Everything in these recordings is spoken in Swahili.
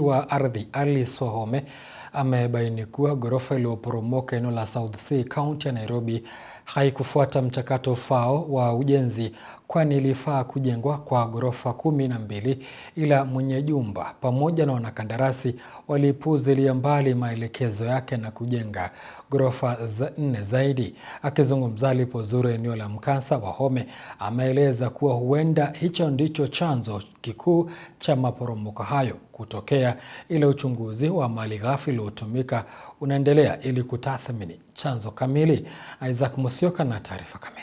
wa ardhi Ali Swahome amebaini kuwa ghorofa iliyoporomoka eneo la South C kaunti ya Nairobi haikufuata mchakato ufaao wa ujenzi kwani ilifaa kujengwa kwa ghorofa kumi na mbili ila mwenye jumba pamoja na wanakandarasi walipuuzilia mbali maelekezo yake na kujenga ghorofa nne zaidi. Akizungumza alipozuru eneo la mkasa, Wahome ameeleza kuwa huenda hicho ndicho chanzo kikuu cha maporomoko hayo kutokea, ila uchunguzi wa mali ghafi uliotumika unaendelea ili kutathmini chanzo kamili. Isaac Musioka na taarifa kamili.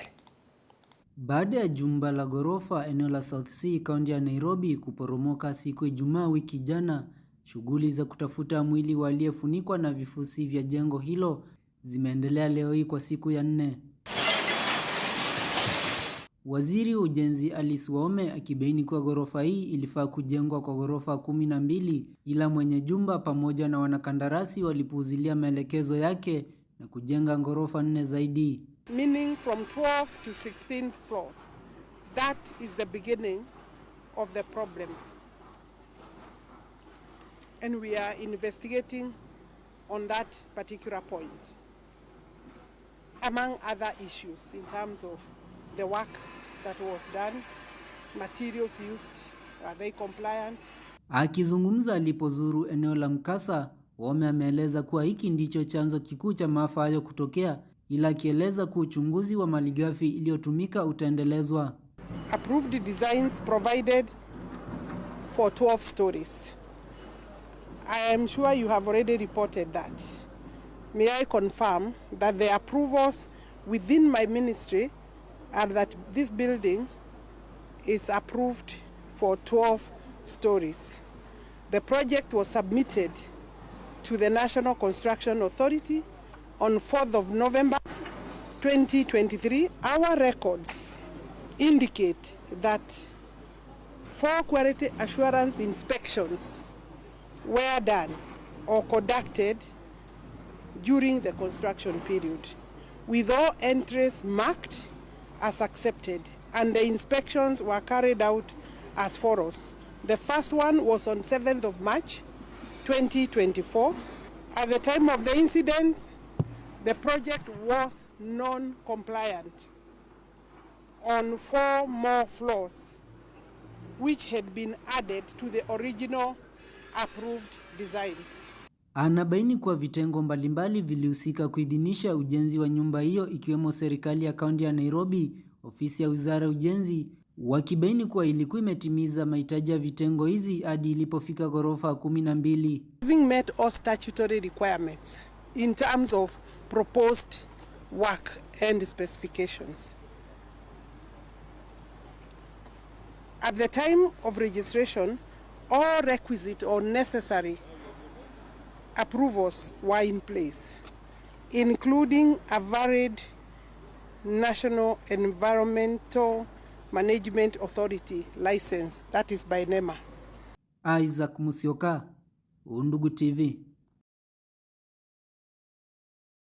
Baada ya jumba la ghorofa eneo la South C kaunti ya Nairobi kuporomoka siku ya Ijumaa wiki jana, shughuli za kutafuta mwili wa aliyefunikwa na vifusi vya jengo hilo zimeendelea leo hii kwa siku ya nne. Waziri wa Ujenzi Alice Waume akibaini kuwa ghorofa hii ilifaa kujengwa kwa ghorofa kumi na mbili ila mwenye jumba pamoja na wanakandarasi walipuuzilia maelekezo yake na kujenga ghorofa nne zaidi. Meaning from 12 to 16 floors. That is the beginning of the problem. And we are investigating on that particular point. Among other issues in terms of the work that was done, materials used, are they compliant? Akizungumza alipozuru eneo la mkasa, Wome ameeleza kuwa hiki ndicho chanzo kikuu cha maafa hayo kutokea, ila akieleza kuwa uchunguzi wa malighafi iliyotumika utaendelezwa. Approved designs provided for 12 stories. I am sure you have already reported that. May I confirm that the approvals within my ministry and that this building is approved for 12 stories. The project was submitted to the National Construction Authority on 4th of November 2023. Our records indicate that four quality assurance inspections were done or conducted during the construction period with all entries marked as accepted, and the inspections were carried out as follows. The first one was on 7th of March 2024. At the time of the incident, the project was non-compliant on four more floors, which had been added to the original approved designs. Anabaini kuwa vitengo mbalimbali vilihusika kuidhinisha ujenzi wa nyumba hiyo ikiwemo serikali ya kaunti ya Nairobi, ofisi ya wizara ya ujenzi, wakibaini kuwa ilikuwa imetimiza mahitaji ya vitengo hizi hadi ilipofika ghorofa kumi na mbili. Having met all statutory requirements in terms of proposed work and specifications. At the time of registration, all requisite or necessary approvals were in place, including a varied National Environmental Management Authority license, that is by NEMA. Isaac Musioka, Undugu TV.